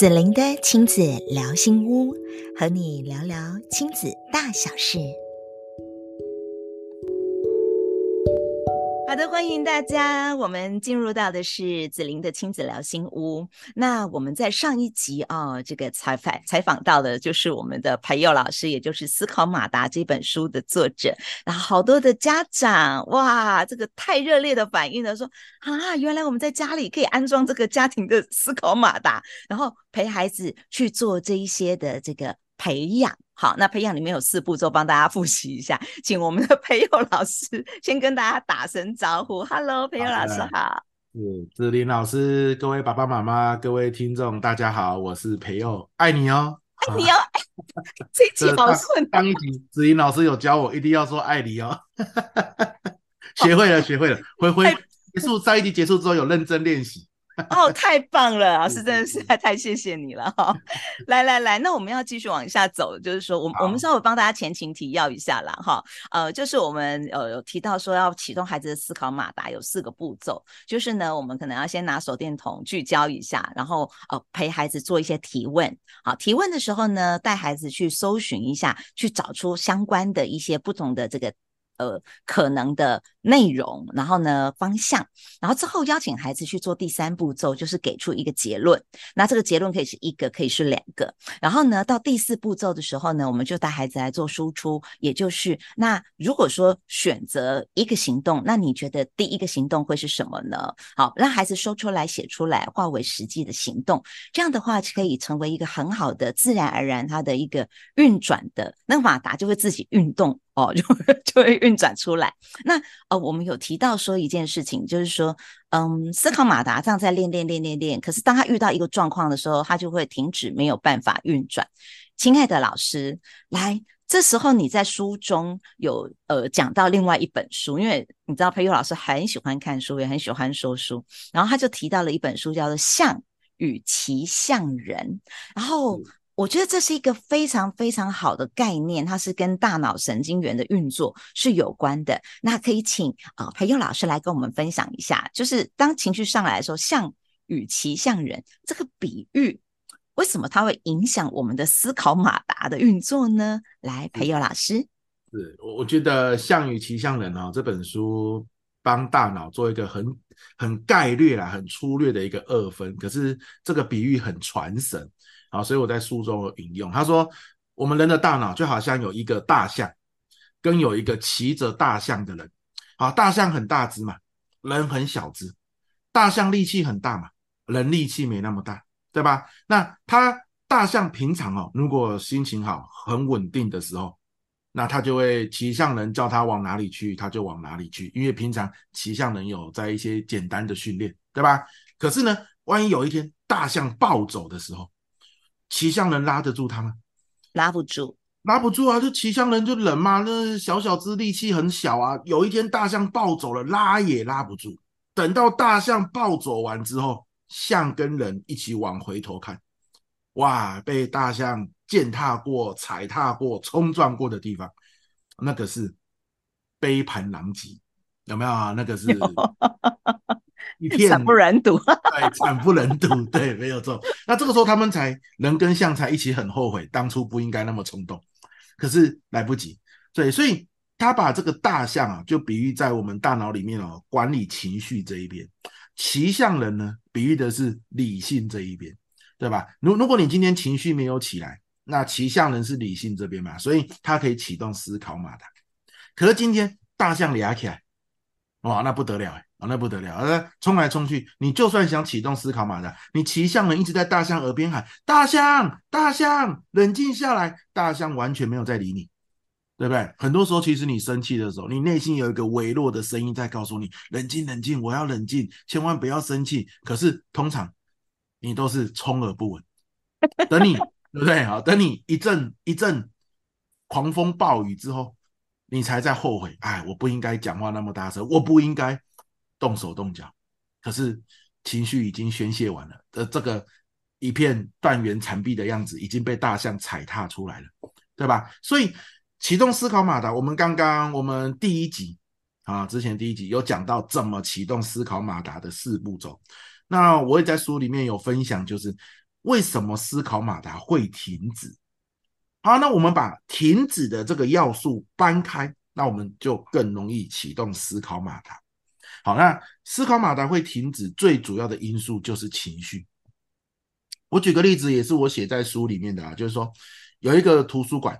子玲的親子聊心屋，和你聊聊親子大小事。好的，歡迎大家，我們進入到的是子玲的親子聊心屋。那我們在上一集哦，這個採訪採訪到的就是我們的培祐老師，也就是《思考馬達》這本書的作者。然後好多的家長，哇，這個太熱烈的反應了，說啊，原來我們在家裡可以安裝這個家庭的思考馬達，然後陪孩子去做這一些的這個培養。好，那培養裡面有四步驟，幫大家複習一下，請我們的培祐老師先跟大家打聲招呼，Hello，培祐老師好，好，是子玲老師，各位爸爸媽媽，各位聽眾，大家好，我是培祐，愛你哦、喔，愛你哦，這期當當一子玲老師有教我一定要說愛你哦、喔， 學會了，學會了，灰灰太結束，上一集結束之後有認真練習。 哦，太棒了，老師真的是太太謝謝你了哈！ 來來來，那我們要繼續往下走，就是說我我們稍微幫大家前情提要一下啦。哈好。呃，就是我們呃有提到說要啟動孩子的思考馬達有四個步驟，就是呢，我們可能要先拿手電筒聚焦一下，然後呃陪孩子做一些提問。好，提問的時候呢，帶孩子去搜尋一下，去找出相關的一些不同的這個。呃，可能的內容，然後呢，方向，然後之後邀請孩子去做第三步驟，就是給出一個結論。那這個結論可以是一個，可以是兩個。然後呢，到第四步驟的時候呢，我們就帶孩子來做輸出，也就是那如果說選擇一個行動，那你覺得第一個行動會是什麼呢？好，讓孩子說出來、寫出來，化為實際的行動。這樣的話，可以成為一個很好的、自然而然它的一個運轉的，那馬達就會自己運動。哦就，就會運轉出來。那呃，我們有提到說一件事情，就是說，嗯，思考馬達這樣在練練練練練，可是當他遇到一個狀況的時候，他就會停止，沒有辦法運轉。親愛的老師，來，這時候你在書中有呃講到另外一本書，因為你知道培祐老師很喜歡看書，也很喜歡說書，然後他就提到了一本書，叫做《象與騎象人》，然後。嗯我覺得這是一個非常非常好的概念，它是跟大腦神經元的運作是有關的。那可以請啊呃、培祐老師來跟我們分享一下，就是當情緒上來的時候，像象與騎象人這個比喻，為什麼它會影響我們的思考馬達的運作呢？來，培祐老師，是我我覺得《象與騎象人、哦》啊這本書幫大腦做一個很很概略啊、很粗略的一個二分，可是這個比喻很傳神。好，所以我在書中有引用他說，我們人的大腦就好像有一個大象，跟有一個騎着大象的人。好，大象很大只嘛，人很小只，大象力氣很大嘛，人力氣沒那麼大，對吧？那他大象平常哦，如果心情好、很穩定的時候，那他就會騎象人叫他往哪裡去，他就往哪裡去，因為平常騎象人有在一些簡單的訓練，對吧？可是呢，萬一有一天大象暴走的時候，騎象人拉得住他嗎？拉不住，拉不住啊！這騎象人就冷嘛，那小小隻力氣很小啊。有一天大象暴走了，拉也拉不住。等到大象暴走完之後，象跟人一起往回頭看，哇，被大象踐踏過、踩踏過、衝撞過的地方，那個是杯盤狼藉，有沒有啊？那個是。 一片慘不忍睹，對，慘不忍睹， 對，沒有錯。那這個時候他們才能跟相才一起很後悔，當初不應該那麼衝動，可是來不及。對，所以他把這個大象啊，就比喻在我們大腦裡面哦，管理情緒這一邊；騎象人呢，比喻的是理性這一邊，對吧？如如果你今天情緒沒有起來，那騎象人是理性這邊嘛，所以他可以啟動思考馬達。可是今天大象牙起來，哇，那不得了，欸啊、哦，那不得了！呃、嗯，衝來衝去，你就算想啟動思考馬達，你騎象人一直在大象耳邊喊：“大象，大象，冷靜下來！”大象完全沒有在理你，對不對？很多時候，其實你生氣的時候，你內心有一個微弱的聲音在告訴你：“冷靜，冷靜，我要冷靜，千萬不要生氣。”可是通常你都是充耳不聞，等你，對不對？好、哦，等你一陣一陣，一陣狂風暴雨之後，你才在後悔：“哎，我不應該講話那麼大聲，我不應該。”動手動腳，可是情緒已經宣洩完了的、呃、這個一片斷垣殘壁的樣子已經被大象踩踏出來了，對吧？所以啟動思考馬達，我們剛剛我們第一集啊，之前第一集有講到怎麼啟動思考馬達的四步驟。那我也在書裡面有分享，就是為什麼思考馬達會停止。好、啊，那我們把停止的這個要素搬開，那我們就更容易啟動思考馬達。好，那思考馬達會停止，最主要的因素就是情緒。我舉個例子，也是我寫在書裡面的啊，就是說有一個圖書館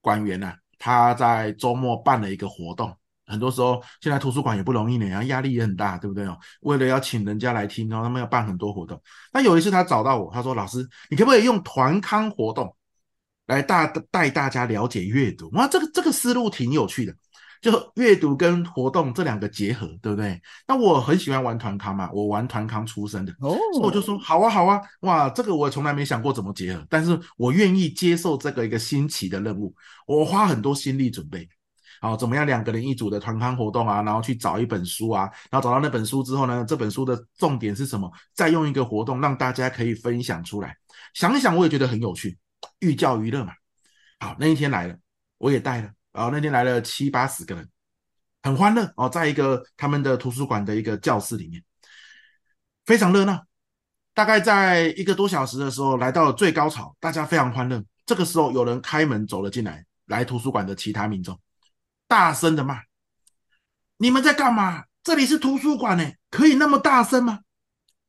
館員啊，他在周末辦了一個活動。很多時候，現在圖書館也不容易呢，然後壓力也很大，對不對哦？為了要請人家來聽，然後他們要辦很多活動。那有一次他找到我，他說：“老師，你可不可以用團康活動來大帶大家了解閱讀？”哇，這個這個思路挺有趣的。就閱讀跟活動這兩個結合，對不對？那我很喜歡玩團康嘛，我玩團康出身的，oh. 所以我就說好啊，好啊，哇，這個我從來沒想過怎麼結合，但是我願意接受這個一個新奇的任務。我花很多心力準備，好，怎麼樣兩個人一組的團康活動啊，然後去找一本書啊，然後找到那本書之後呢，這本書的重點是什麼？再用一個活動讓大家可以分享出來，想一想我也覺得很有趣，寓教於樂嘛。好，那一天來了，我也帶了。哦，那天來了七八十個人，很歡樂哦，在一個他們的圖書館的一個教室裡面，非常熱鬧。大概在一個多小時的時候，來到了最高潮，大家非常歡樂。這個時候，有人開門走了進來，來圖書館的其他民眾大聲的罵：“你們在幹嘛？這裡是圖書館呢、欸，可以那麼大聲嗎？”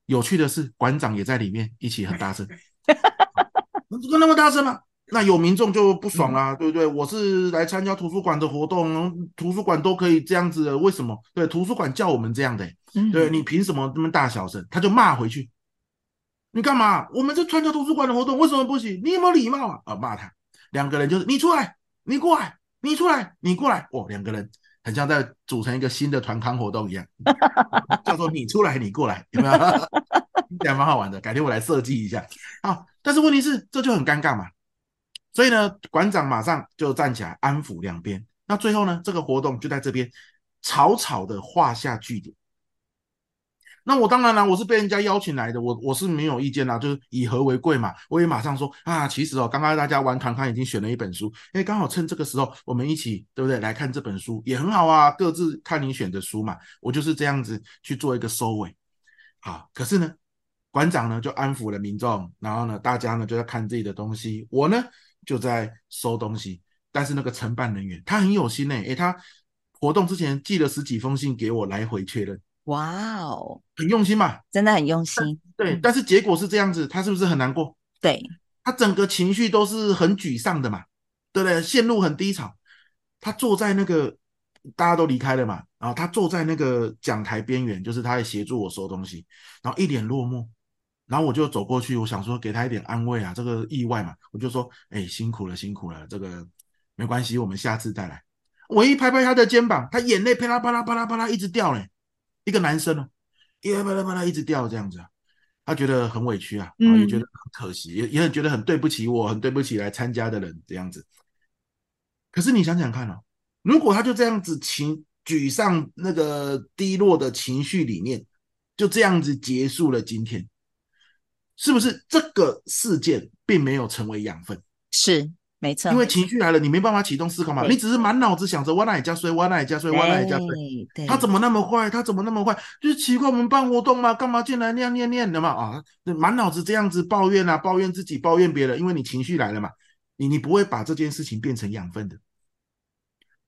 有趣的是，館長也在裡面，一起很大聲，哈哈哈能那麼大聲嗎、啊？那有民眾就不爽啦、啊，嗯、對不對？我是來參加圖書館的活動，圖書館都可以這樣子的，為什麼？對，圖書館叫我們這樣的，嗯、哼對，你憑什麼這麼大小聲？他就罵回去，你幹嘛？我們是參加圖書館的活動，為什麼不行？你有沒有禮貌啊？啊、哦，罵他，兩個人就是你出來，你過來，你出來，你過來，哦，兩個人很像在組成一個新的團康活動一樣， 叫做你出來，你過來，有沒有？還 蠻好玩的，改天我來設計一下。好，但是問題是這就很尷尬嘛。所以呢，館長馬上就站起來安撫兩邊。那最後呢，這個活動就在這邊草草的畫下句點。那我當然了，我是被人家邀請來的，我我是沒有意見啦，就是以和為貴嘛。我也馬上說啊，其實哦，剛剛大家玩團康已經選了一本書，欸，剛好趁這個時候我們一起，對不對？來看這本書也很好啊，各自看你選的書嘛。我就是這樣子去做一個收尾啊。可是呢，館長呢就安撫了民眾，然後呢，大家呢就在看自己的東西，我呢。就在收東西，但是那個承辦人員他很有心呢、欸，哎、欸，他活動之前寄了十幾封信給我來回確認，哇，哦，很用心嘛，真的很用心。對，嗯、但是結果是這樣子，他是不是很難過？對，他整個情緒都是很沮喪的嘛，對不對？陷入很低潮，他坐在那個大家都離開了嘛，然後他坐在那個講台邊緣，就是他在協助我收東西，然後一臉落寞。然後我就走過去，我想說給他一點安慰啊，這個意外嘛，我就說，哎，辛苦了，辛苦了，這個沒關係，我們下次再來。我一拍拍他的肩膀，他眼淚啪啦啪啦啪啦啪啦一直掉嘞、欸，一個男生哦，啪啦啪啦啪啦一直掉，這樣子啊，他覺得很委屈啊，也覺得很可惜，也、嗯、也很覺得很對不起我，很對不起來參加的人這樣子。可是你想想看哦，如果他就這樣子情沮喪那個低落的情緒裡面，就這樣子結束了今天。是不是這個事件並沒有成為養分？是，沒錯。因為情緒來了，你沒辦法啟動思考馬達嘛。對你只是滿腦子想着我哪一家衰，我哪一家衰，欸、我哪一家衰對他麼麼，他怎麼那麼壞，他怎麼那麼壞，就是奇怪我們辦活動嘛，幹嘛進來念念念的嘛啊，滿腦子這樣子抱怨啊，抱怨自己，抱怨別人，因為你情緒來了嘛，你你不會把這件事情變成養分的，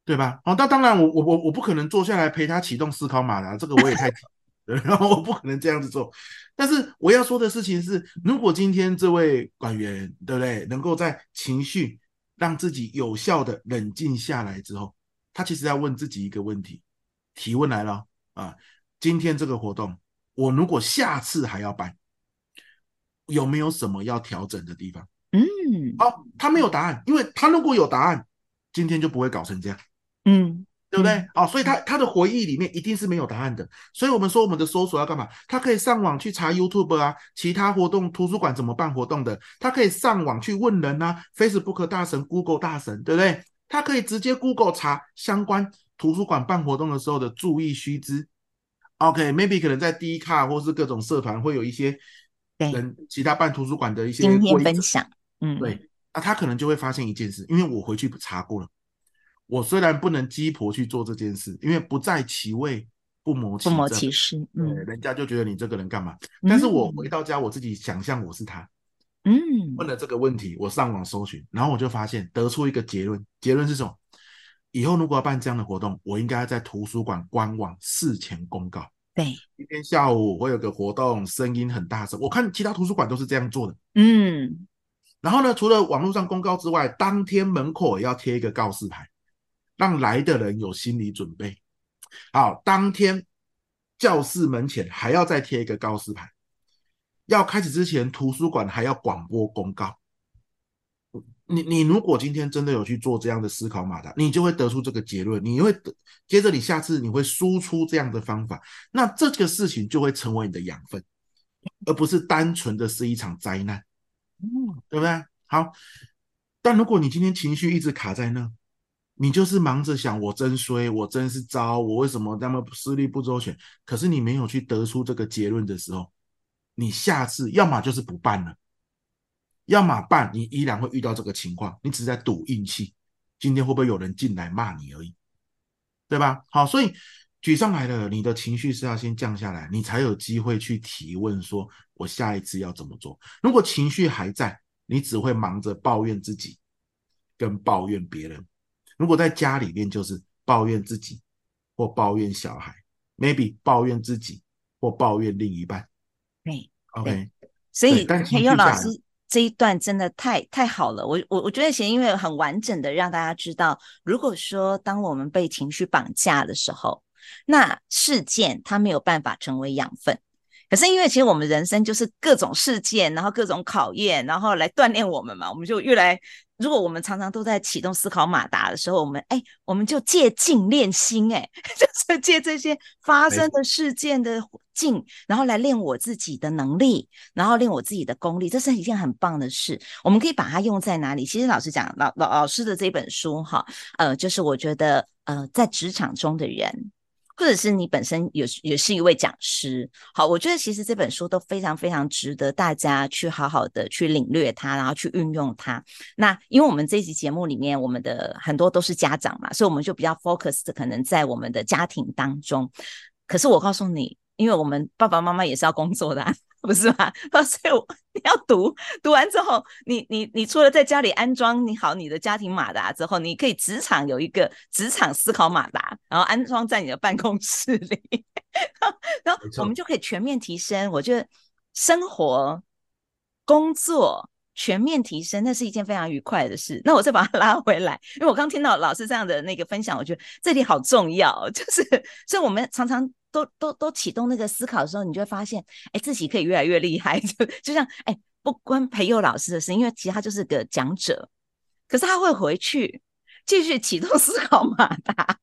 對吧？哦、啊，那當然我，我我我我不可能坐下來陪他啟動思考馬達、啊，這個我也太。 然後 我不可能這樣子做，但是我要說的事情是，如果今天這位管員，對不對，能夠在情緒讓自己有效的冷靜下來之後，他其實要問自己一個問題。提問來了啊，今天這個活動，我如果下次還要辦，有沒有什麼要調整的地方？嗯，好，他沒有答案，因為他如果有答案，今天就不會搞成這樣。嗯。對不對？嗯、哦，所以他、嗯、他的回憶裡面一定是沒有答案的。所以我們說我們的搜索要幹嘛？他可以上網去查 YouTube 啊，其他活動圖書館怎麼辦活動的？他可以上網去問人啊、嗯、Facebook 大神、Google 大神，對不對？他可以直接 Google 查相關圖書館辦活動的時候的注意須知。OK，Maybe、okay, 可能在 D 卡或是各種社團會有一些，人，對其他辦圖書館的一些分享。嗯，對，那、啊、他可能就會發現一件事，因為我回去不查過了。我雖然不能雞婆去做這件事，因為不在其位不謀其不謀其事，嗯，人家就覺得你這個人幹嘛？但是我回到家，嗯，我自己想象我是他，嗯，問了這個問題，我上網搜尋，然後我就發現得出一個結論，結論是什麼？以後如果要辦這樣的活動，我應該在圖書館官網事前公告。對，今天下午我有個活動，聲音很大聲，我看其他圖書館都是這樣做的，嗯，然後呢，除了網絡上公告之外，當天門口也要貼一個告示牌。讓來的人有心理準備。好，當天教室門前還要再貼一個告示牌。要開始之前，圖書館還要廣播公告。你你如果今天真的有去做這樣的思考馬達，你就會得出這個結論。你會得，接着你下次你會輸出這樣的方法，那這個事情就會成為你的養分，而不是單純的是一場災難。嗯，對不對？好，但如果你今天情緒一直卡在那。你就是忙着想，我真衰，我真是糟，我為什麼那麼思慮不周全？可是你沒有去得出這個結論的時候，你下次要麼就是不辦了，要麼辦你依然會遇到這個情況，你只是在賭運氣，今天會不會有人進來罵你而已，對吧？好，所以舉上來了，你的情緒是要先降下來，你才有機會去提問說，說我下一次要怎麼做？如果情緒還在，你只會忙着抱怨自己，跟抱怨別人。如果在家裡面，就是抱怨自己，或抱怨小孩，maybe 抱怨自己，或抱怨另一半。對，OK，對，所以培祐老師這一段真的太太好了，我我我覺得前因為很完整的讓大家知道，如果說當我們被情緒綁架的時候，那事件它沒有辦法成為養分。可是因為其實我們人生就是各種事件，然後各種考驗，然後來鍛鍊我們嘛。我們就越來，如果我們常常都在啟動思考馬達的時候，我們哎、欸，我們就借境練心、欸，哎，就是借這些發生的事件的境，然後來練我自己的能力，然後練我自己的功力，這是一件很棒的事。我們可以把它用在哪裡？其實老師講老老老師的這本書哈，呃，就是我覺得呃，在職場中的人。或者是你本身也是也是一位講師，好，我覺得其實這本書都非常非常值得大家去好好的去領略它，然後去運用它。那因為我們這期節目裡面，我們的很多都是家長嘛，所以我們就比較 focused，可能在我們的家庭當中。可是我告訴你，因為我們爸爸媽媽也是要工作的啊。不是吧？所以你要讀讀完之後，你你你除了在家裡安裝你好你的家庭馬達之後，你可以職場有一個職場思考馬達，然後安裝在你的辦公室裡，然後,然後我們就可以全面提升。我覺得生活、沒錯。工作全面提升，那是一件非常愉快的事。那我再把它拉回來，因為我剛聽到老師這樣的那個分享，我覺得這裡好重要，就是所以我們常常。都都都啟動那個思考的時候，你就會發現，哎、欸，自己可以越來越厲害。就就像，哎、欸，不關培祐老師的事，因為其實他就是個講者，可是他會回去繼續啟動思考馬達，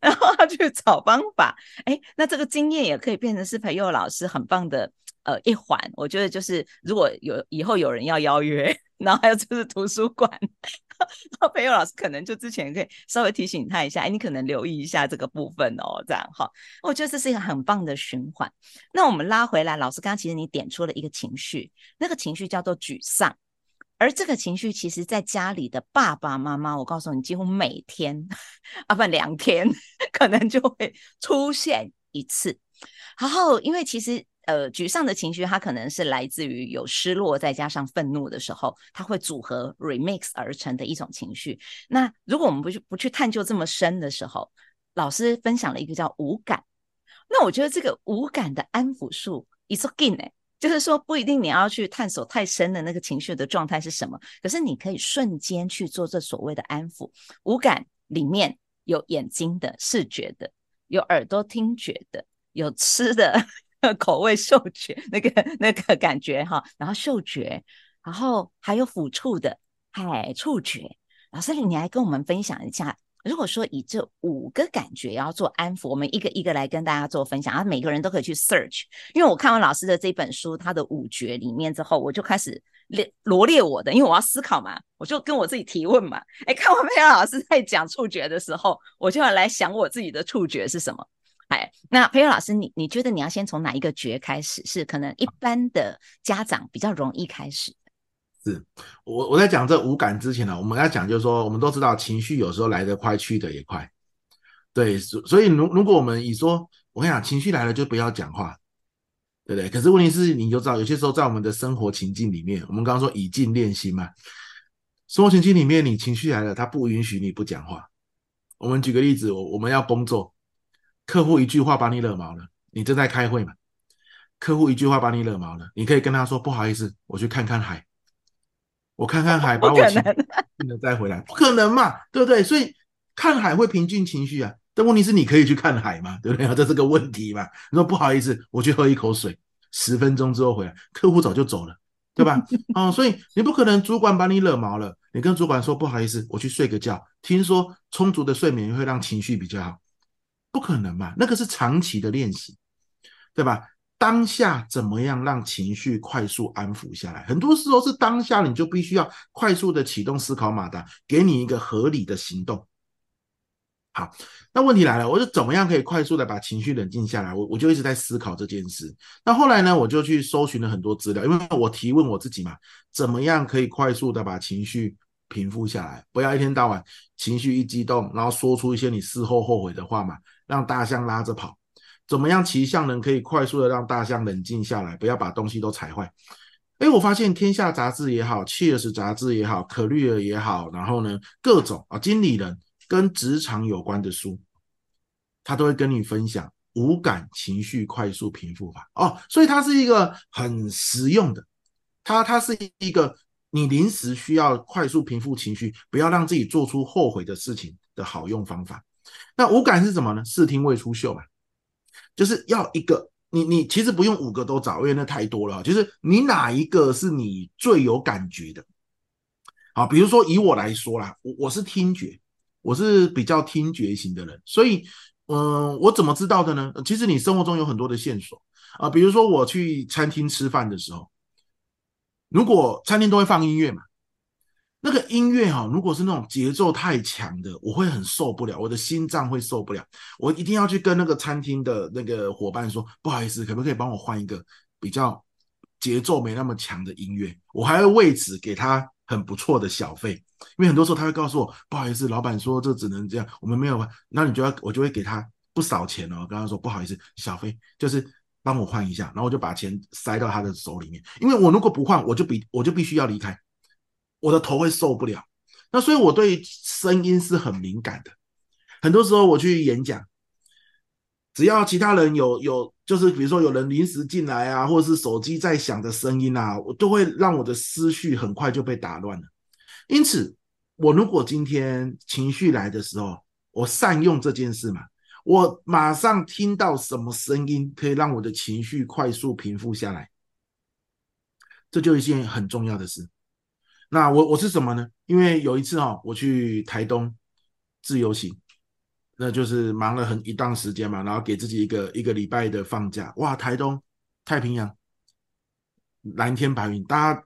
然後他去找方法。哎、欸，那這個經驗也可以變成是培祐老師很棒的。呃，一環，我覺得就是如果有以後有人要邀約，然後還有就是圖書館，培祐老師可能就之前可以稍微提醒他一下，誒你可能留意一下這個部分哦，這樣哈，我覺得這是一個很棒的循環。那我們拉回來，老師剛剛其實你點出了一個情緒，那個情緒叫做沮喪，而這個情緒其實在家裡的爸爸媽媽，我告訴你，幾乎每天啊，不兩天可能就會出現一次，然後因為其實。呃，沮喪的情緒它可能是來自於有失落，再加上憤怒的時候，它會組合 remix 而成的一種情緒。那如果我們不去不去探究這麼深的時候，老師分享了一個叫五感。那我覺得這個五感的安撫術 is a game，就是說不一定你要去探索太深的那個情緒的狀態是什麼，可是你可以瞬間去做這所謂的安撫。五感裡面有眼睛的視覺的，有耳朵聽覺的，有吃的。 口味、嗅覺那個那個感覺哈，然後嗅覺，然後還有撫觸的，嗨，觸覺。老師，你來跟我們分享一下，如果說以這五個感覺要做安撫，我們一個一個來跟大家做分享，啊，每個人都可以去 search。因為我看完老師的這本書，他的五覺裡面之後，我就開始列羅列我的，因為我要思考嘛，我就跟我自己提問嘛。哎，看完培祐老師在講觸覺的時候，我就要來想我自己的觸覺是什麼。哎，hey, 那培祐老師你，你你覺得你要先從哪一個覺開始？是可能一般的家長比較容易開始。是，我我在講這五感之前呢、啊，我們要講就是說，我們都知道情緒有時候來得快，去得也快。對，所所以如果如果我們以說，我跟你講，情緒來了就不要講話，對不對？可是問題是，你就知道有些時候在我們的生活情境裡面，我們剛剛說以靜練心嘛，生活情境裡面，你情緒來了，他不允許你不講話。我們舉個例子，我我們要工作。客戶一句話把你惹毛了，你正在開會嘛？客戶一句話把你惹毛了，你可以跟他說：“不好意思，我去看看海，我看看海，哦、能把我情緒再回來，不可能嘛，對不對？所以看海會平靜情緒啊。但問題是，你可以去看海嘛，對不對？這是個問題嘛？你說不好意思，我去喝一口水，十分鐘之後回來，客戶早就走了，對吧？哦、 嗯，所以你不可能。主管把你惹毛了，你跟主管說：“不好意思，我去睡個覺。聽說充足的睡眠會讓情緒比較好。”不可能嘛？那個是長期的練習，對吧？當下怎麼樣讓情緒快速安撫下來？很多時候是當下，你就必須要快速的啟動思考馬達，給你一個合理的行動。好，那問題來了，我就怎麼樣可以快速的把情緒冷靜下來？我我就一直在思考這件事。那後來呢，我就去搜尋了很多資料，因為我提問我自己嘛，怎麼樣可以快速的把情緒？平復下來，不要一天到晚情緒一激動，然後說出一些你事後後悔的話嘛，讓大象拉着跑。怎麼樣，騎象人可以快速的讓大象冷靜下來，不要把東西都踩壞？哎，我發現天下雜誌也好，Cheers 雜誌也好，可綠爾也好，然後呢，各種啊，經理人跟職場有關的書，他都會跟你分享五感情緒快速平復法。哦，所以它是一個很實用的，它它是一個。你臨時需要快速平復情緒，不要讓自己做出後悔的事情的好用方法。那五感是什麼呢？視聽味觸嗅吧。就是要一個你你其實不用五個都找，因為那太多了。就是你哪一個是你最有感覺的？好，比如說以我來說啦，我我是聽覺，我是比較聽覺型的人，所以嗯、呃，我怎麼知道的呢？其實你生活中有很多的線索啊，比如說我去餐廳吃飯的時候。如果餐廳都會放音樂嘛，那個音樂哈、啊，如果是那種節奏太強的，我會很受不了，我的心臟會受不了。我一定要去跟那個餐廳的那個夥伴說，不好意思，可不可以幫我換一個比較節奏沒那麼強的音樂？我還要為此給他很不錯的小費，因為很多時候他會告訴我，不好意思，老板說這只能這樣，我們沒有。那你就要我就會給他不少錢哦，跟他說不好意思，小費就是。幫我換一下，然後我就把錢塞到他的手裡面，因為我如果不換，我就必我就必須要離開，我的頭會受不了。那所以，我對聲音是很敏感的。很多時候我去演講，只要其他人有有，就是比如說有人臨時進來啊，或者是手機在響的聲音啊，我都會讓我的思緒很快就被打亂了。因此，我如果今天情緒來的時候，我善用這件事嘛。我馬上聽到什麼聲音可以讓我的情緒快速平復下來？這就一件很重要的事。那我我是什麼呢？因為有一次哈、哦，我去台東自由行，那就是忙了很一段時間嘛，然後給自己一個一個禮拜的放假。哇，台東、太平洋、藍天白雲，大家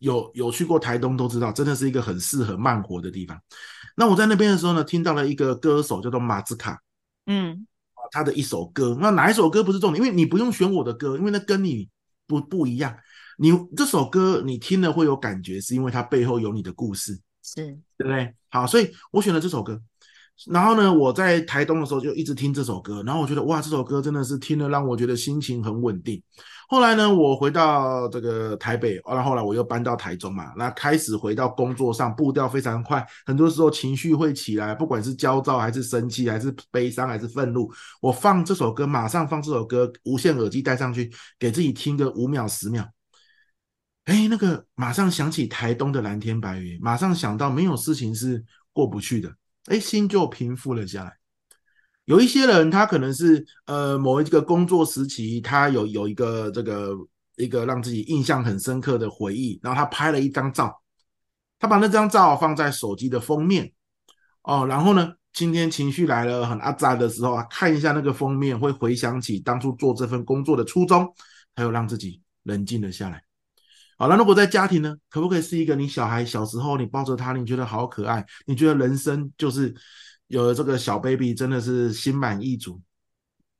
有有去過台東都知道，真的是一個很適合慢活的地方。那我在那邊的時候呢，聽到了一個歌手叫做馬茲卡。嗯，啊，他的一首歌，那哪一首歌不是重點？因為你不用選我的歌，因為那跟你不不一樣。你這首歌你聽了會有感覺，是因為它背後有你的故事，是，對不對？好，所以我選了這首歌。然後呢，我在台東的時候就一直聽這首歌，然後我覺得哇，這首歌真的是聽了讓我覺得心情很穩定。後來呢，我回到這個台北，然後後來我又搬到台中嘛，那開始回到工作上，步調非常快，很多時候情緒會起來，不管是焦躁還是生氣，還是悲傷還是憤怒，我放這首歌，馬上放這首歌，無線耳機戴上去，給自己聽個五秒十秒，哎，那個馬上想起台東的藍天白雲，馬上想到沒有事情是過不去的。哎，心就平復了下來。有一些人，他可能是呃某一個工作時期，他有有一個這個一個讓自己印象很深刻的回憶，然後他拍了一張照，他把那張照放在手機的封面。哦，然後呢，今天情緒來了很阿雜的時候啊，看一下那個封面，會回想起當初做這份工作的初衷，還有讓自己冷靜了下來。好，那如果在家庭呢？可不可以是一個你小孩小時候，你抱着他，你覺得好可愛，你覺得人生就是有了這個小 baby，真的是心滿意足，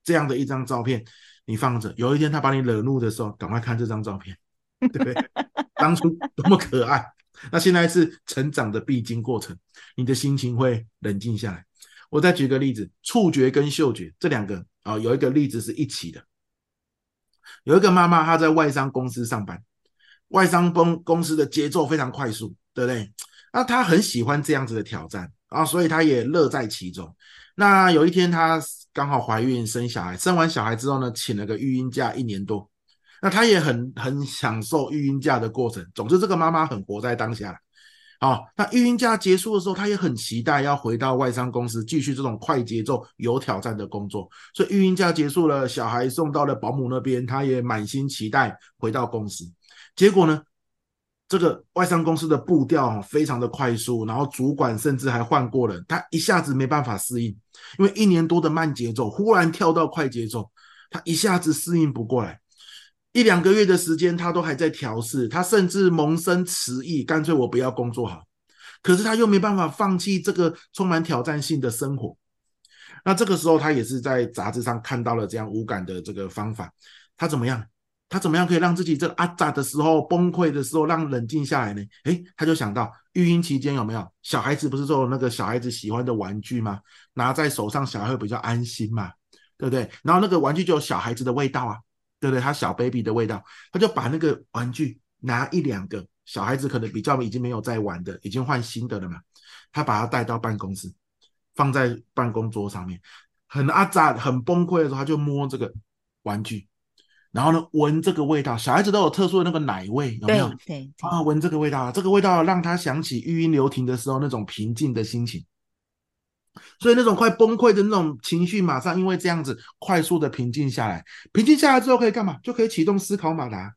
這樣的一張照片你放着。有一天他把你惹怒的時候，趕快看這張照片，對不對？ 當初多麼可愛。那現在是成長的必經過程，你的心情會冷靜下來。我再舉個例子，觸覺跟嗅覺這兩個啊，有一個例子是一起的。有一個媽媽，她在外商公司上班。外商公公司的節奏非常快速，對不對？那他很喜歡這樣子的挑戰啊，所以他也樂在其中。那有一天，他剛好懷孕生小孩，生完小孩之後呢，請了個育嬰假一年多。那他也很很享受育嬰假的過程。總之，這個媽媽很活在當下。好，啊，那育嬰假結束的時候，他也很期待要回到外商公司繼續這種快節奏、有挑戰的工作。所以育嬰假結束了，小孩送到了保姆那邊，他也滿心期待回到公司。結果呢？這個外商公司的步調非常的快速，然後主管甚至還換過了，他一下子沒辦法適應，因為一年多的慢節奏忽然跳到快節奏，他一下子適應不過來。一兩個月的時間，他都還在調試，他甚至萌生辭意，乾脆我不要工作好。可是他又沒辦法放棄這個充滿挑戰性的生活。那這個時候，他也是在雜誌上看到了這樣五感的這個方法，他怎麼樣？他怎麼樣可以讓自己這個阿扎的時候、崩潰的時候，讓冷靜下來呢？哎，他就想到育嬰期間有沒有小孩子？不是做那個小孩子喜歡的玩具嗎？拿在手上，小孩會比較安心嘛，對不對？然後那個玩具就有小孩子的味道啊，對不對？他小 baby 的味道，他就把那個玩具拿一兩個，小孩子可能比較已經沒有在玩的，已經換新的了嘛。他把它帶到辦公室，放在辦公桌上面，很阿扎、很崩潰的時候，他就摸這個玩具。然後呢，聞這個味道，小孩子都有特殊的那個奶味，有沒有？對對對啊，聞這個味道，這個味道讓他想起育嬰留停的時候那種平靜的心情，所以那種快崩潰的那種情緒，馬上因為這樣子快速的平靜下來，平靜下來之後可以幹嘛？就可以啟動思考馬達。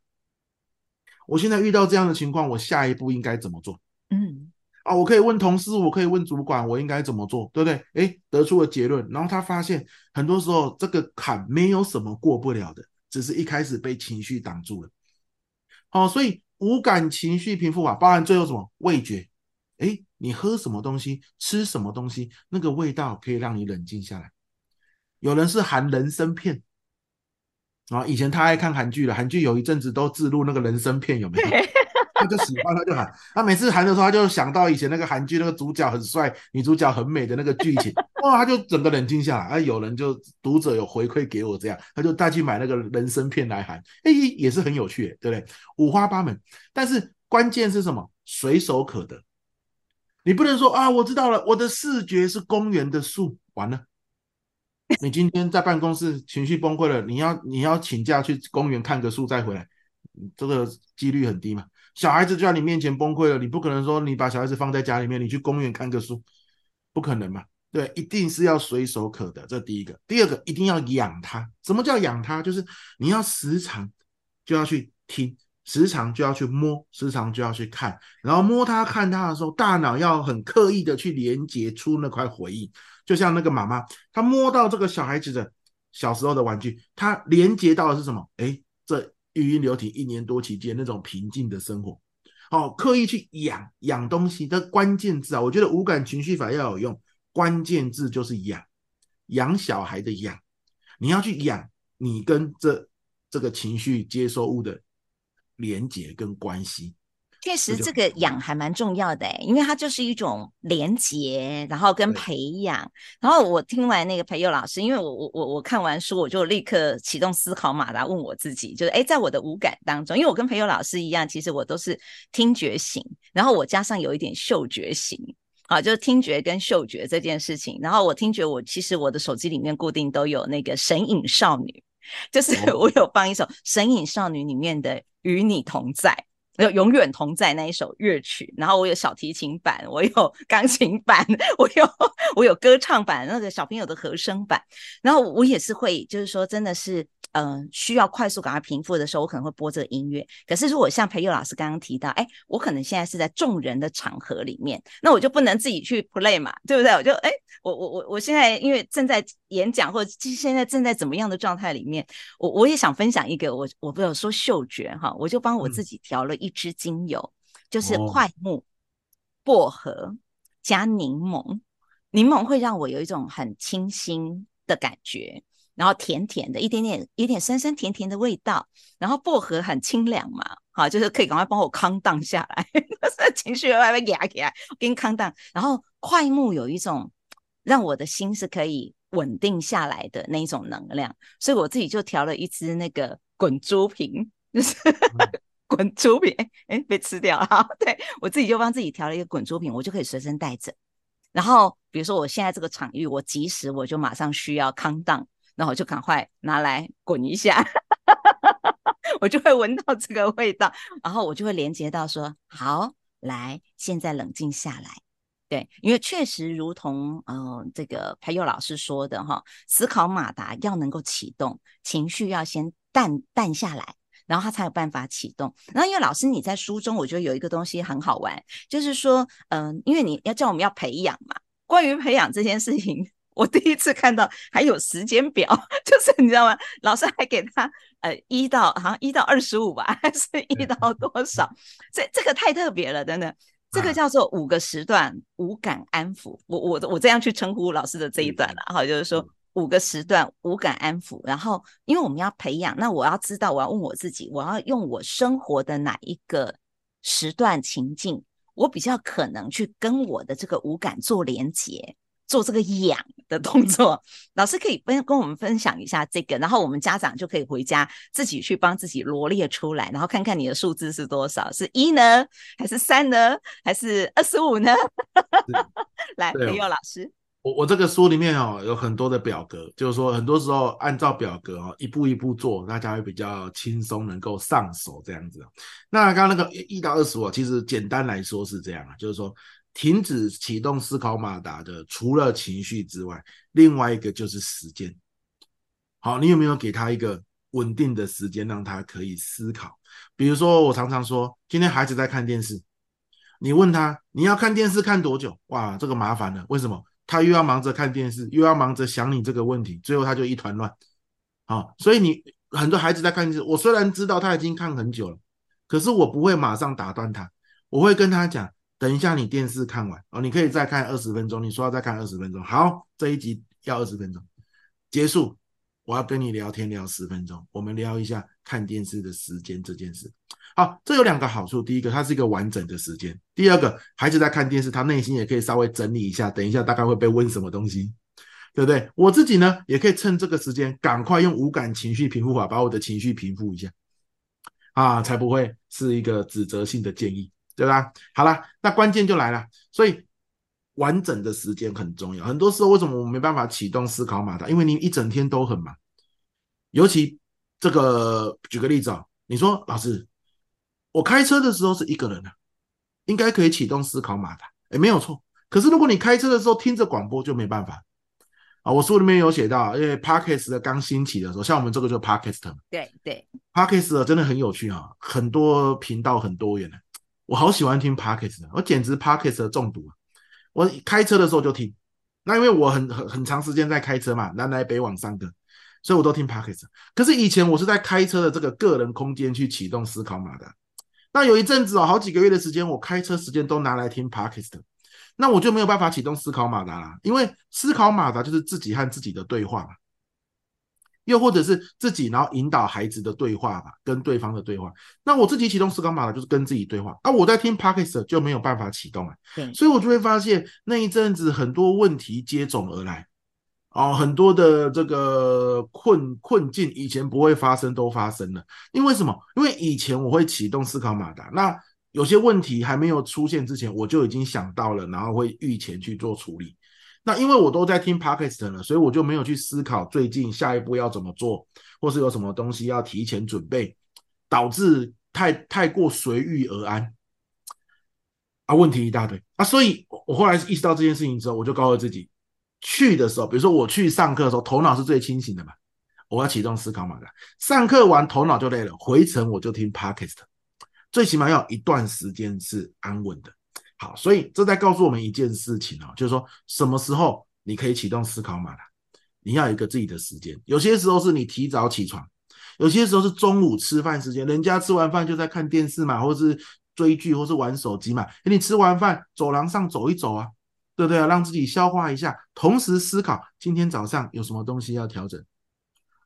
我現在遇到這樣的情況，我下一步應該怎麼做？嗯，啊，我可以問同事，我可以問主管，我應該怎麼做，對不對？哎，得出了結論，然後他發現，很多時候這個坎沒有什麼過不了的。只是一開始被情緒擋住了。哦，所以五感情緒平復法包含最後什麼？味覺。哎，你喝什麼東西，吃什麼東西，那個味道可以讓你冷靜下來。有人是含人參片啊。哦，以前他愛看韓劇了，韓劇有一陣子都置入那個人參片，有沒有？ 他就喜歡，他就喊。他每次喊的時候，他就想到以前那個韓劇，那個主角很帥，女主角很美的那個劇情。哇，他就整個冷靜下來。哎，有人就讀者有回饋給我這樣，他就帶去買那個人參片來喊。哎，也是很有趣，欸，對不對？五花八門。但是關鍵是什麼？隨手可得。你不能說啊，我知道了，我的視覺是公園的樹，完了。你今天在辦公室情緒崩潰了，你要你要請假去公園看個樹再回來，這個幾率很低嘛。小孩子就在你面前崩潰了，你不可能說你把小孩子放在家裡面，你去公園看個書，不可能嘛。對，一定是要隨手可得。這第一個，第二個一定要養他。什麼叫養他？就是你要時常就要去聽，時常就要去摸，時常就要去看。然後摸他看他的時候，大腦要很刻意的去連接出那塊回憶。就像那個媽媽，她摸到這個小孩子的小時候的玩具，她連接到的是什麼？哎，這。育嬰流體一年多期間那種平靜的生活。好、哦、刻意去養養東西的關鍵字啊，我覺得五感情緒法要有用，關鍵字就是養，養小孩的養，你要去養你跟這這個情緒接收物的連接跟關係。確實，這個養還蠻重要的、欸、因為它就是一種連接，然後跟培養。對然後我聽完那個培祐老師，因為我我我我看完書，我就立刻啟動思考馬達，問我自己，就是哎，在我的五感當中，因為我跟培祐老師一樣，其實我都是聽覺型，然後我加上有一點嗅覺型啊，就是聽覺跟嗅覺這件事情。然後我聽覺，我其實我的手機裡面固定都有那個神隱少女，就是、哦、 我有放一首神隱少女裡面的《與你同在》。就永遠同在那一首樂曲，然後我有小提琴版，我有鋼琴版，我有我有歌唱版，那個小朋友的和聲版，然後我也是會，就是說，真的是。嗯、呃，需要快速趕快平復的時候，我可能會播這個音樂。可是如果像培祐老師剛剛提到，哎，我可能現在是在眾人的場合裡面，那我就不能自己去 play 嘛，對不對？我就誒我我我我現在因為正在演講，或者現在正在怎麼樣的狀態裡面，我我也想分享一個，我我不要說嗅覺哈，我就幫我自己調了一支精油，嗯、就是檜木、薄荷加檸檬，哦、檸檬會讓我有一種很清新的感覺。然後甜甜的，一點點有點酸酸甜甜的味道。然後薄荷很清涼嘛，哈，就是可以趕快幫我康盪下來， 情緒還沒壓起來，我給你康盪。然後檜木有一種讓我的心是可以穩定下來的那一種能量，所以我自己就調了一支那個滾珠瓶，就是滾、嗯、 珠瓶，哎、欸，被吃掉了。對我自己就幫自己調了一個滾珠瓶，我就可以隨身帶着。然後比如說我現在這個場域，我即時我就馬上需要康盪。然後我就趕快拿來滾一下， 我就會聞到這個味道，然後我就會連接到說：好，來，現在冷靜下來。對，因為確實如同嗯、呃，這個培祐老師說的哈、哦，思考馬達要能夠啟動，情緒要先淡淡下來，然後他才有辦法啟動。然後，因為老師你在書中，我覺得有一個東西很好玩，就是說，嗯、呃，因為你要叫我們要培養嘛，關於培養這件事情。我第一次看到還有時間表，就是你知道嗎？老師還給他呃一到好像一到二十五吧，還是一到多少？這這個太特別了，真的。這個叫做五個時段五感安撫、啊，我我我這樣去稱呼老師的這一段了。哈，就是說五個時段五感安撫。然後因為我們要培養，那我要知道，我要問我自己，我要用我生活的哪一個時段情境，我比較可能去跟我的這個五感做連結。做這個仰的動作，老師可以分跟我們分享一下這個，然後我們家長就可以回家自己去幫自己羅列出來，然後看看你的數字是多少，是一呢，還是三呢，還是二十五呢？是 來，培祐對老師，我我這個書裡面哦有很多的表格，就是說很多時候按照表格哦一步一步做，大家會比較輕鬆，能夠上手這樣子。那剛剛那個一到二十五，其實簡單來說是這樣啊，就是說。停止啟動思考馬達的，除了情緒之外，另外一個就是時間。好，你有沒有給他一個穩定的時間，讓他可以思考？比如說，我常常說，今天孩子在看電視，你問他，你要看電視看多久？哇，這個麻煩了。為什麼？他又要忙着看電視，又要忙着想你這個問題，最後他就一團亂。好，所以你很多孩子在看電視，我雖然知道他已經看很久了，可是我不會馬上打斷他，我會跟他講。等一下，你電視看完哦，你可以再看二十分鐘。你說要再看二十分鐘，好，這一集要二十分鐘結束。我要跟你聊天聊十分鐘，我們聊一下看電視的時間這件事。好，這有兩個好處，第一個它是一個完整的時間，第二個孩子在看電視，他內心也可以稍微整理一下，等一下大概會被問什麼東西，對不對？我自己呢，也可以趁這個時間，趕快用五感情緒平復法，把我的情緒平復一下啊，才不會是一個指責性的建議。對吧？好了，那關鍵就來了。所以完整的時間很重要。很多時候，為什麼我們沒辦法啟動思考馬達？因為你一整天都很忙。尤其這個，舉個例子啊、哦，你說老師，我開車的時候是一個人的、啊，應該可以啟動思考馬達。誒，沒有錯。可是如果你開車的時候聽着廣播，就沒辦法啊。我書裡面有寫到，因為 Podcast 剛興起的時候，像我們這個就是 Podcast 嘛。對對 Podcast 對對，Podcast 真的很有趣啊，很多頻道很多元的、啊。我好喜歡聽 Podcast 的，我簡直 Podcast 的中毒啊，我開車的時候就聽，那因為我很很很長時間在開車嘛，南來北往三個，所以我都聽 Podcast。可是以前我是在開車的這個個人空間去啟動思考馬達，那有一陣子哦，好幾個月的時間，我開車時間都拿來聽 Podcast 的，那我就沒有辦法啟動思考馬達了，因為思考馬達就是自己和自己的對話嘛。又或者是自己，然後引導孩子的對話吧，跟對方的對話。那我自己啟動思考馬達就是跟自己對話。那、啊、我在聽 Podcast 就沒有辦法啟動了對所以我就會發現那一陣子很多問題接踵而來，哦，很多的這個困困境以前不會發生都發生了。因為什麼？因為以前我會啟動思考馬達，那有些問題還沒有出現之前，我就已經想到了，然後會預前去做處理。那因為我都在聽 podcast 了，所以我就沒有去思考最近下一步要怎麼做，或是有什麼東西要提前準備，導致太太過隨遇而安，啊，問題一大堆啊！所以，我後來意識到這件事情之後，我就告訴自己，去的時候，比如說我去上課的時候，頭腦是最清醒的嘛，我要啟動思考馬達。上課完頭腦就累了，回程我就聽 podcast 最起碼要一段時間是安穩的。好，所以這在告訴我們一件事情啊，就是說什麼時候你可以啟動思考馬達？你要有一個自己的時間。有些時候是你提早起床，有些時候是中午吃飯時間，人家吃完飯就在看電視嘛，或者是追劇，或是玩手機嘛。你吃完飯，走廊上走一走啊，對不對啊？讓自己消化一下，同時思考今天早上有什麼東西要調整。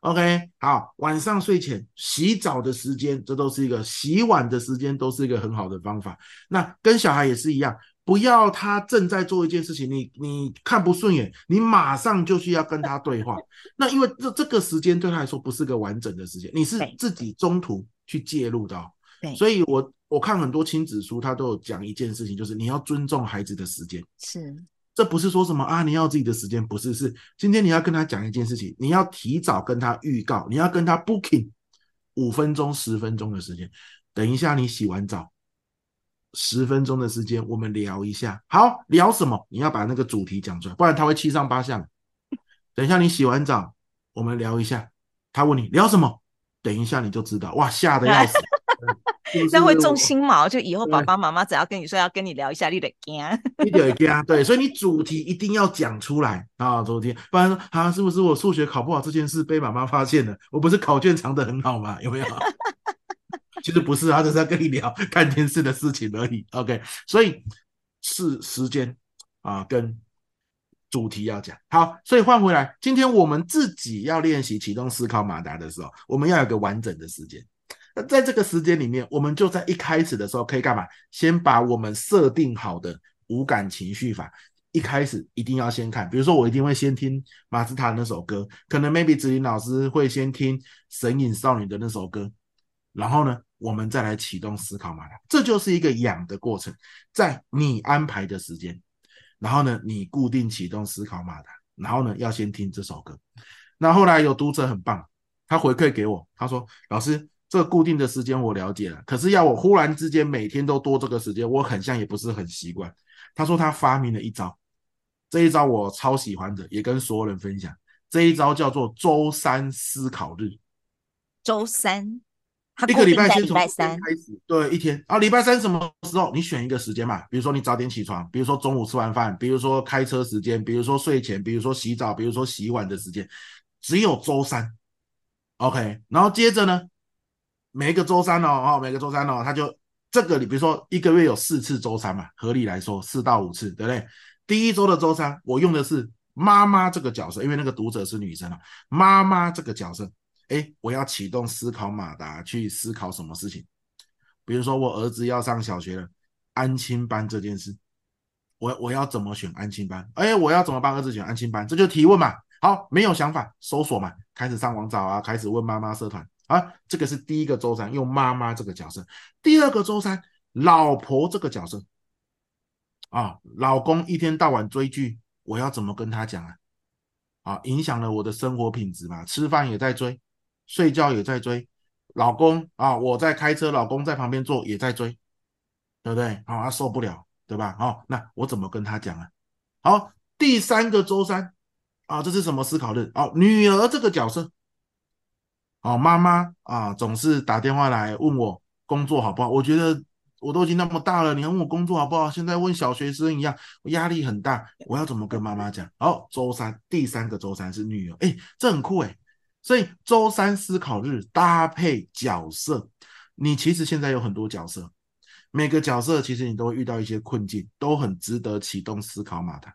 OK，好，晚上睡前洗澡的時間，這都是一個洗碗的時間，都是一個很好的方法。那跟小孩也是一樣，不要他正在做一件事情，你你看不順眼，你馬上就需要跟他對話。 那因為這這個時間對他來說不是個完整的時間，你是自己中途去介入的哦。對，所以我我看很多親子書，他都有講一件事情，就是你要尊重孩子的時間。是。這不是說什麼啊，你要自己的時間不是，是今天你要跟他講一件事情，你要提早跟他預告，你要跟他 booking 五分鐘十分鐘的時間。等一下你洗完澡，十分鐘的時間我們聊一下。好，聊什麼？你要把那個主題講出來，不然他會七上八下的。等一下你洗完澡，我們聊一下。他問你聊什麼？等一下你就知道。哇，嚇得要死。 這 會中心毛，就以後爸爸媽媽只要跟你說對要跟你聊一下你就怕，你就怕， 對，所以你主題一定要講出來啊，哦，主題，不然說啊，是不是我數學考不好這件事被媽媽發現了？我不是考卷藏得很好嗎？有沒有？ 其實不是啊，就是要跟你聊看電視的事情而已。OK，所以是時間啊，跟主題要講好。所以換回來，今天我們自己要練習啟動思考馬達的時候，我們要有一個完整的時間。那在這個時間裡面，我們就在一開始的時候可以幹嘛？先把我們設定好的五感情緒法，一開始一定要先看。比如說，我一定會先聽馬斯塔那首歌，可能 maybe 子玲老師會先聽神隱少女的那首歌。然後呢，我們再來啟動思考馬達，這就是一個養的過程。在你安排的時間，然後呢，你固定啟動思考馬達，然後呢，要先聽這首歌。那後,後來有讀者很棒，他回饋給我，他說：“老師。”這固定的時間我了解了，可是要我忽然之間每天都多這個時間，我很像也不是很習慣。他說他發明了一招，這一招我超喜歡的，也跟所有人分享。這一招叫做周三思考日。周三，一個禮拜先從禮拜三開始，對，一天啊，禮拜三什麼時候？你選一個時間嘛，比如說你早點起床，比如說中午吃完飯，比如說開車時間，比如說睡前，比如說洗澡，比如說洗碗的時間，只有周三。OK，然後接着呢？每一個周三呢，哦，每個周三呢，哦，他就這個你比如說一個月有四次周三嘛，合理來說四到五次，對不對？第一周的周三，我用的是媽媽這個角色，因為那個讀者是女生啊，媽媽這個角色，哎，我要啟動思考馬達去思考什麼事情？比如說我兒子要上小學了，安親班這件事，我我要怎麼選安親班？哎，我要怎麼幫兒子選安親班？這就提問嘛，好，沒有想法，搜索嘛，開始上網找啊，開始問媽媽社團。啊，這個是第一個周三，用媽媽這個角色；第二個周三，老婆這個角色。啊，老公一天到晚追劇，我要怎麼跟他講啊？啊，影響了我的生活品質嘛，吃飯也在追，睡覺也在追。老公啊，我在開車，老公在旁邊坐也在追，對不對？啊，他受不了，對吧？好、啊，那我怎麼跟他講啊？好，第三個周三，啊，這是什麼思考日？哦、啊，女兒這個角色。哦，媽媽啊、呃，總是打電話來問我工作好不好。我覺得我都已經那麼大了，你還問我工作好不好？現在問小學生一樣，我壓力很大。我要怎麼跟媽媽講？好，周三第三個周三是女兒，哎，這很酷哎。所以周三思考日搭配角色，你其實現在有很多角色，每個角色其實你都會遇到一些困境，都很值得啟動思考馬達。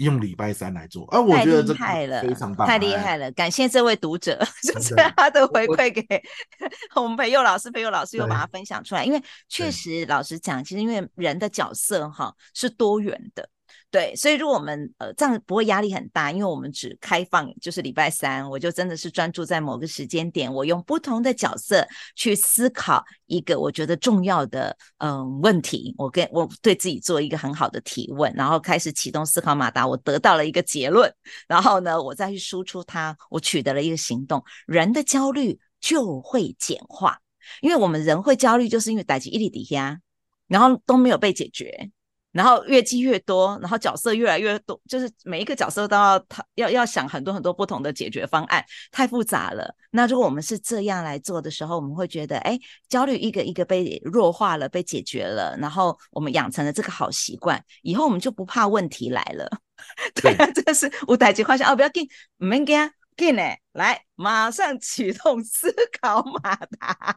用禮拜三來做，啊、呃，我覺得這、欸、太厲害了，非常大，太厲害了，感謝這位讀者， 就是他的回饋給我們培佑老師，培佑我老師又把他分享出來，對因為確實，對老實講，其實因為人的角色哈是多元的。對，所以如果我們呃這樣不會壓力很大，因為我們只開放就是禮拜三，我就真的是專注在某個時間點，我用不同的角色去思考一個我覺得重要的嗯問題，我跟我對自己做一個很好的提問，然後開始啟動思考馬達，我得到了一個結論，然後呢，我再去輸出它，我取得了一個行動，人的焦慮就會簡化，因為我們人會焦慮就是因為累積壓力積壓，然後都沒有被解決。然後越積越多，然後角色越來越多，就是每一個角色都要他要要想很多很多不同的解決方案，太複雜了。那如果我們是這樣來做的時候，我們會覺得，哎，焦慮一個一個被弱化了，被解決了，然後我們養成了這個好習慣，以後我們就不怕問題來了。對啊，真的 是，我打句話先，哦，不要緊，唔應該緊呢。來，馬上啟動思考馬達。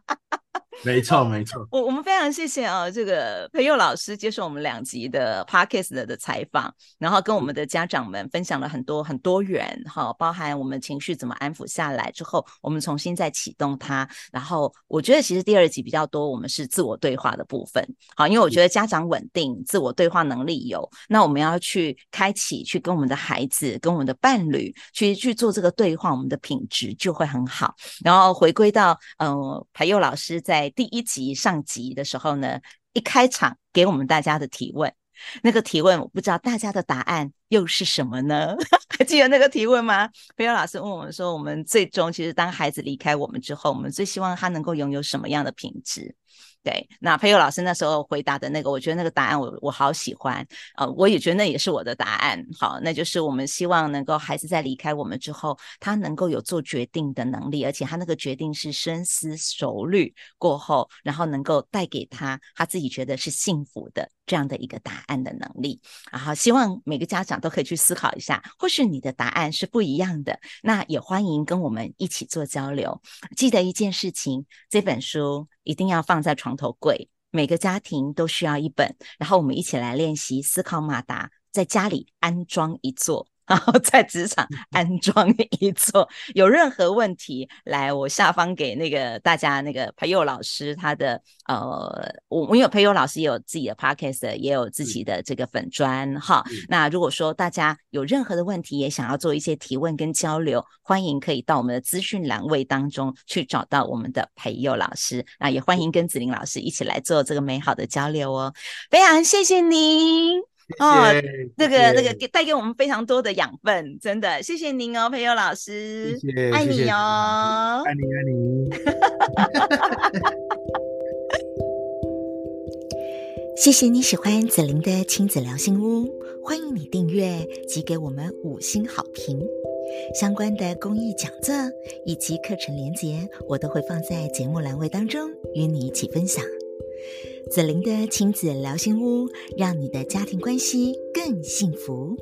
沒錯，沒錯。我我們非常謝謝啊，這個培祐老師接受我們兩集的 podcast 的、的採訪，然後跟我們的家長們分享了很多很多元哈，包含我們情緒怎麼安撫下來之後，我們重新再啟動它。然後我覺得其實第二集比較多，我們是自我對話的部分。好，因為我覺得家長穩定，嗯、自我對話能力有，那我們要去開啟，去跟我們的孩子，跟我們的伴侶，去去做這個對話，我們的評。品質就會很好。然後回歸到，嗯、呃，培祐老師在第一集上集的時候呢，一開場給我們大家的提問，那個提問我不知道大家的答案又是什麼呢？ 還記得那個提問嗎？培祐老師問我們說，我們最終其實當孩子離開我們之後，我們最希望他能夠擁有什麼樣的品質？對，那培祐老師那時候回答的那個，我覺得那個答案我我好喜歡啊、呃，我也覺得那也是我的答案。好，那就是我們希望能夠孩子在離開我們之後，他能夠有做決定的能力，而且他那個決定是深思熟慮過後，然後能夠帶給他他自己覺得是幸福的。這樣的一個答案的能力，然後希望每個家長都可以去思考一下，或許你的答案是不一樣的，那也歡迎跟我們一起做交流。記得一件事情，這本書一定要放在床頭櫃，每個家庭都需要一本，然後我們一起來練習思考馬達，在家裡安裝一座。 然後在職場安裝一座，有任何問題來我下方給那個大家那個培祐老師他的呃，我有為培祐老師也有自己的 podcast，也有自己的這個粉專哈。那如果說大家有任何的問題，也想要做一些提問跟交流，歡迎可以到我們的資訊欄位當中去找到我們的培祐老師，那也歡迎跟子玲老師一起來做這個美好的交流哦。非常謝謝您。哦，那個那個給帶給我們非常多的養分，真的謝謝您哦，培祐老師，謝謝愛你哦，愛你愛你。謝謝你喜歡子玲的親子聊心屋，歡迎你訂閱及給我們五星好評。相關的公益講座以及課程連結我都會放在節目欄位當中與你一起分享。子玲的親子聊心屋，讓你的家庭關係更幸福。